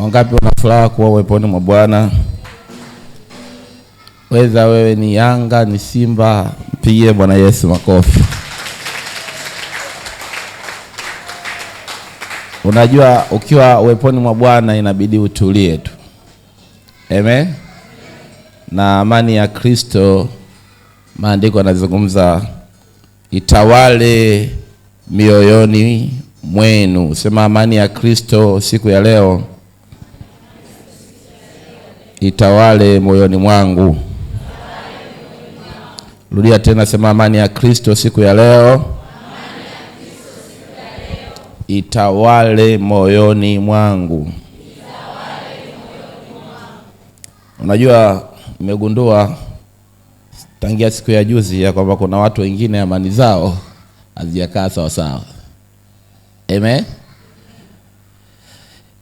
Wangapi wana furaha kuwa uweponi mwa Bwana? Weza wewe ni Yanga, ni Simba, mpigie Bwana Yesu makofi. Unajua, ukiwa uweponi mwa Bwana inabidi utulie tu, amen. Na amani ya Kristo, maandiko yanazungumza itawale mioyoni mwenu. Sema amani ya Kristo siku ya leo itawale moyoni mwangu. Rudia tena, sema amani ya Kristo siku ya leo itawale moyoni mwangu. Unajua, nimegundua tangia siku ya juzi ya kwamba kuna watu wengine amani zao hazijakaa sawasawa. Amen.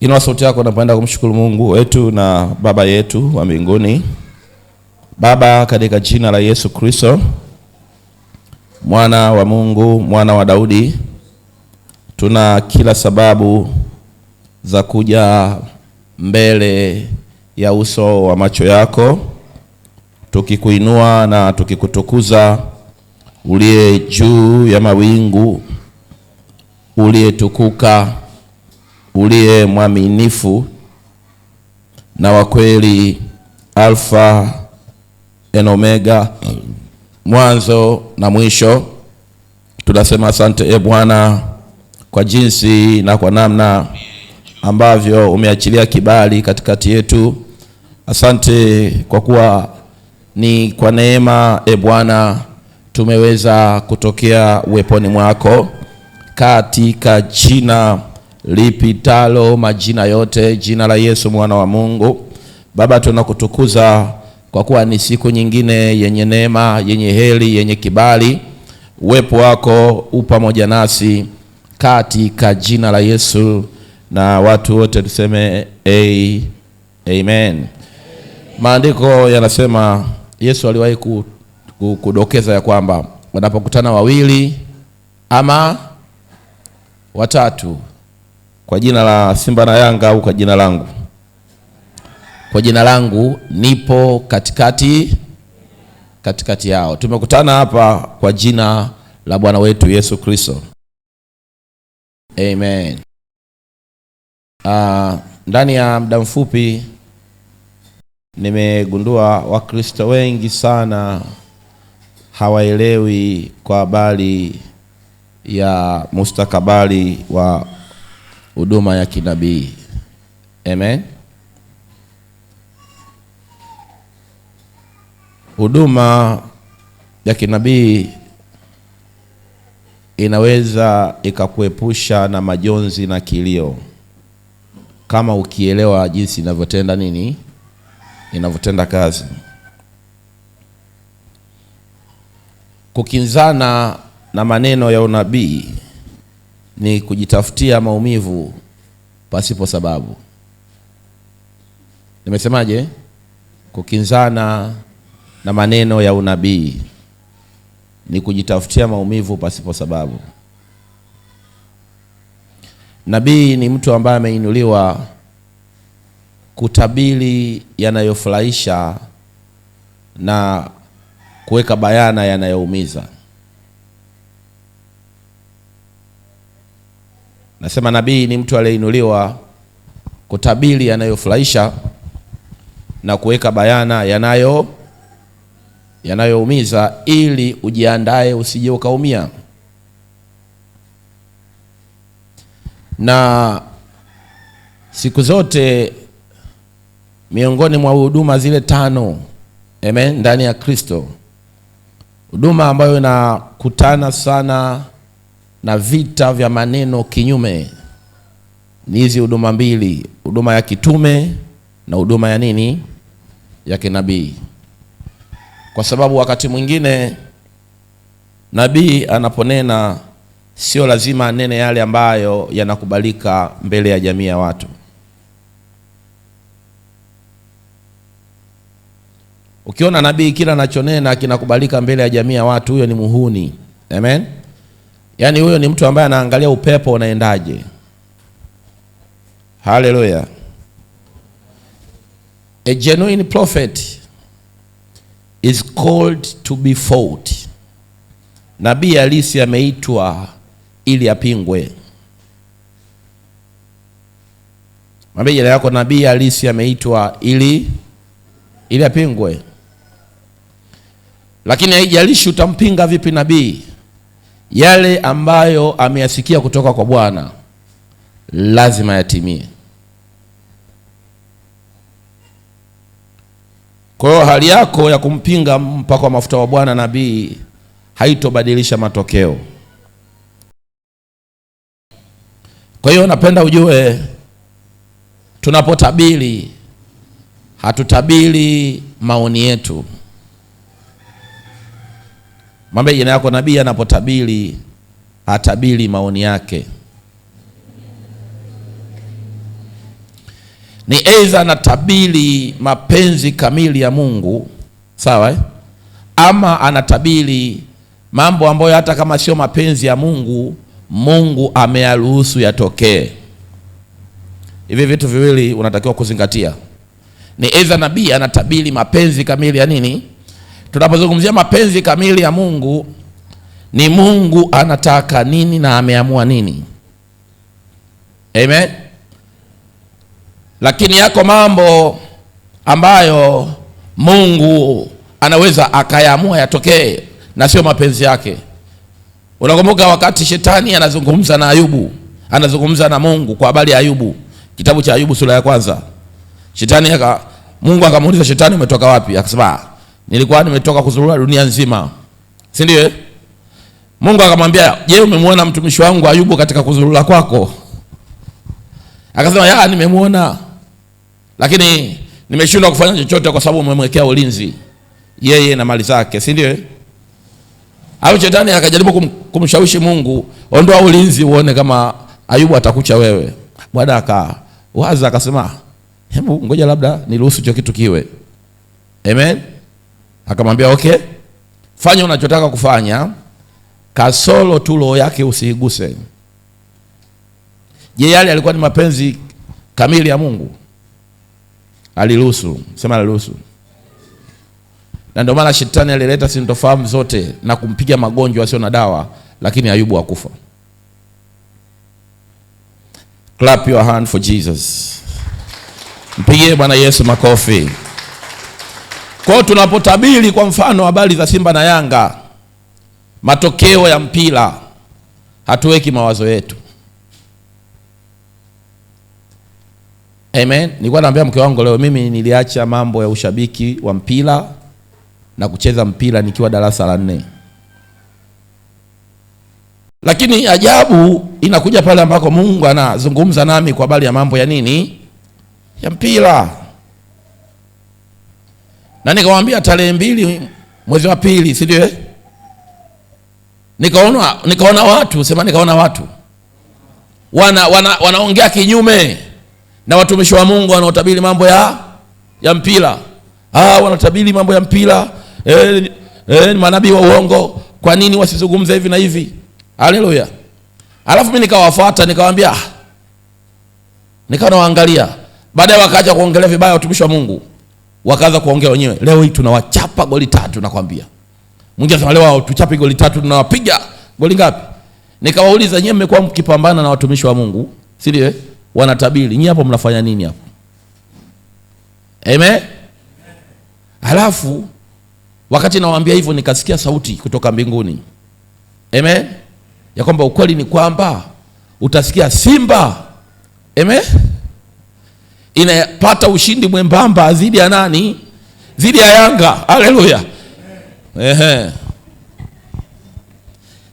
Inua sauti yako unapoenda kumshukuru Mungu wetu na Baba yetu wa mbinguni. Baba, katika jina la Yesu Kristo, mwana wa Mungu, mwana wa Daudi, tuna kila sababu za kuja mbele ya uso wa macho yako tukikuinua na tukikutukuza, uliye juu ya mawingu, uliyetukuka uliye mwaminifu na wa kweli, Alfa na Omega, mwanzo na mwisho. Tunasema asante e Bwana kwa jinsi na kwa namna ambavyo umeachilia kibali katikati yetu. Asante kwa kuwa ni kwa neema e Bwana tumeweza kutokea uweponi mwako katika jina lipitalo majina yote, jina la Yesu mwana wa Mungu. Baba, tunakutukuza kwa kuwa ni siku nyingine yenye neema, yenye heri, yenye kibali. Uwepo wako u pamoja nasi katika jina la Yesu, na watu wote tuseme hey, amen. Maandiko yanasema Yesu aliwahi kudokeza ya kwamba wanapokutana wawili ama watatu kwa jina la Simba na Yanga au kwa jina langu? Kwa jina langu, nipo katikati katikati yao. Tumekutana hapa kwa jina la Bwana wetu Yesu Kristo, amen. Uh, ndani ya muda mfupi nimegundua Wakristo wengi sana hawaelewi kwa habari ya mustakabali wa huduma ya kinabii. Amen. Huduma ya kinabii inaweza ikakuepusha na majonzi na kilio, kama ukielewa jinsi inavyotenda nini, inavyotenda kazi. Kukinzana na maneno ya unabii ni kujitafutia maumivu pasipo sababu. Nimesemaje? Kukinzana na maneno ya unabii ni kujitafutia maumivu pasipo sababu. Nabii ni mtu ambaye ameinuliwa kutabiri yanayofurahisha na kuweka bayana yanayoumiza. Nasema nabii ni mtu aliyeinuliwa kutabiri yanayofurahisha na kuweka bayana yanayo yanayoumiza ili ujiandae usije ukaumia. Na siku zote miongoni mwa huduma zile tano, amen, ndani ya Kristo, huduma ambayo inakutana sana na vita vya maneno kinyume. Ni hizi huduma mbili, huduma ya kitume na huduma ya nini, ya kinabii, kwa sababu wakati mwingine nabii anaponena sio lazima anene yale ambayo yanakubalika mbele ya jamii ya watu. Ukiona nabii kila anachonena kinakubalika mbele ya jamii ya watu, huyo ni muhuni. Amen. Yaani huyo ni mtu ambaye anaangalia upepo unaendaje. Haleluya. A genuine prophet is called to be fought. Nabii halisi ameitwa ili apingwe. Mwambie jirani yako, nabii halisi ameitwa ili ili apingwe. Lakini haijalishi utampinga vipi nabii yale ambayo ameyasikia kutoka kwa Bwana lazima yatimie. Kwa hiyo hali yako ya kumpinga mpako wa mafuta wa Bwana nabii haitobadilisha matokeo. Kwa hiyo napenda ujue, tunapotabiri hatutabiri maoni yetu. Mwambie jina yako, nabii anapotabiri hatabiri maoni yake, ni aidha anatabiri mapenzi kamili ya Mungu, sawa eh? Ama anatabiri mambo ambayo hata kama sio mapenzi ya Mungu, Mungu ameyaruhusu yatokee. Hivi vitu viwili unatakiwa kuzingatia, ni aidha nabii anatabiri mapenzi kamili ya nini Tunapozungumzia mapenzi kamili ya Mungu, ni Mungu anataka nini na ameamua nini. Amen. Lakini yako mambo ambayo Mungu anaweza akayaamua yatokee na sio mapenzi yake. Unakumbuka wakati shetani anazungumza na Ayubu, anazungumza na Mungu kwa habari ya Ayubu, kitabu cha Ayubu sura ya kwanza. Shetani aka Mungu akamuuliza shetani, umetoka wapi? Akasema nilikuwa nimetoka kuzurura dunia nzima, si ndio eh? Mungu akamwambia, je, umemwona mtumishi wangu Ayubu katika kuzurura kwako? Akasema, ya nimemwona, lakini nimeshindwa kufanya chochote kwa sababu umemwekea ulinzi yeye na mali zake, si ndio eh? Au shetani akajaribu kum, kumshawishi Mungu, ondoa ulinzi uone kama Ayubu atakucha wewe. Bwana akawaza akasema, hebu ngoja labda niruhusu hicho kitu kiwe. Amen. Akamwambia okay, fanya unachotaka kufanya, kasoro tu roho yake usiiguse. Je, yale alikuwa ni mapenzi kamili ya Mungu? Aliruhusu, sema aliruhusu. Na ndio maana shetani alileta sintofahamu zote na kumpiga magonjwa asio na dawa, lakini Ayubu hakufa. Clap your hand for Jesus. Mpigie Bwana Yesu makofi. Kwa hiyo tunapotabiri kwa mfano habari za Simba na Yanga, matokeo ya mpira, hatuweki mawazo yetu. Amen. Nilikuwa naambia mke wangu leo, mimi niliacha mambo ya ushabiki wa mpira na kucheza mpira nikiwa darasa la nne, lakini ajabu inakuja pale ambako Mungu anazungumza nami kwa habari ya mambo ya nini, ya mpira na nikamwambia tarehe mbili mwezi wa pili, si ndio? Eh? Nikaona nikaona watu sema, nikaona watu wana wanaongea wana kinyume na watumishi wa Mungu wanaotabiri mambo ya ya mpira. Ah, wanatabiri mambo ya mpira eh, eh, manabii wa uongo. Kwa nini wasizungumze hivi na hivi? Haleluya! Alafu mimi nikawafuata nikawaambia, ah, nikawa nawaangalia, baadaye wakaacha kuongelea vibaya watumishi wa Mungu wakaanza kuongea wenyewe, leo hii tunawachapa goli tatu, nakwambia. Mwingine anasema leo hao tuchape goli tatu, tunawapiga goli ngapi? Nikawauliza, nyie mmekuwa mkipambana na watumishi wa Mungu, si ndio? Eh? Wanatabiri, nyie hapo mnafanya nini hapo? Amen. Halafu wakati nawaambia hivyo, nikasikia sauti kutoka mbinguni, amen, ya kwamba ukweli ni kwamba utasikia simba, amen inapata ushindi mwembamba dhidi ya nani? Dhidi ya Yanga. Haleluya! Ehe,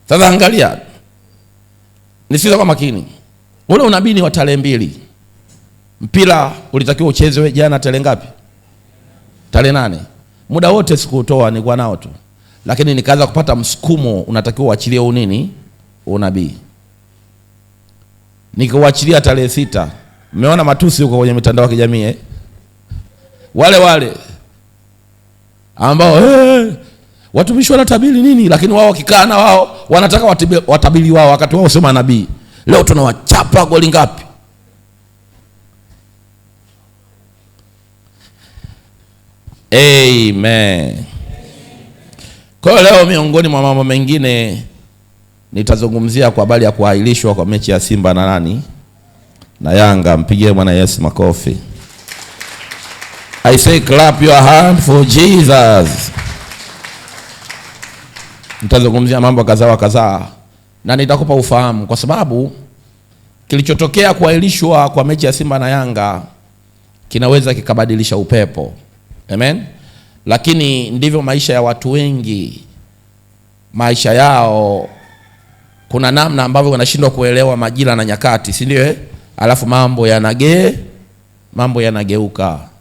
sasa angalia, nisikiza kwa makini. Ule unabii ni wa tarehe mbili. Mpira ulitakiwa uchezwe jana tarehe ngapi? Tarehe nane. Muda wote sikuutoa, nilikuwa nao tu, lakini nikaanza kupata msukumo, unatakiwa uachilie unini nini, unabii. Nikauachilia tarehe sita Mmeona matusi huko kwenye mitandao ya kijamii eh? Wale wale ambao hey, eh, watumishi wanatabiri nini, lakini wao wakikaa na wao wanataka watabili watabiri wao wakati wao sio manabii. Leo tunawachapa goli ngapi? Amen. Kwa hiyo leo miongoni mwa mambo mengine nitazungumzia kwa habari ya kuahirishwa kwa mechi ya Simba na nani na Yanga. Mpigie Bwana Yesu makofi. I say clap your hand for Jesus. Nitazungumzia mambo kadhaa kadhaa na nitakupa ufahamu, kwa sababu kilichotokea kuahirishwa kwa mechi ya Simba na Yanga kinaweza kikabadilisha upepo. Amen. Lakini ndivyo maisha ya watu wengi, maisha yao kuna namna ambavyo wanashindwa kuelewa majira na nyakati, si ndio eh? alafu mambo yanage mambo yanageuka.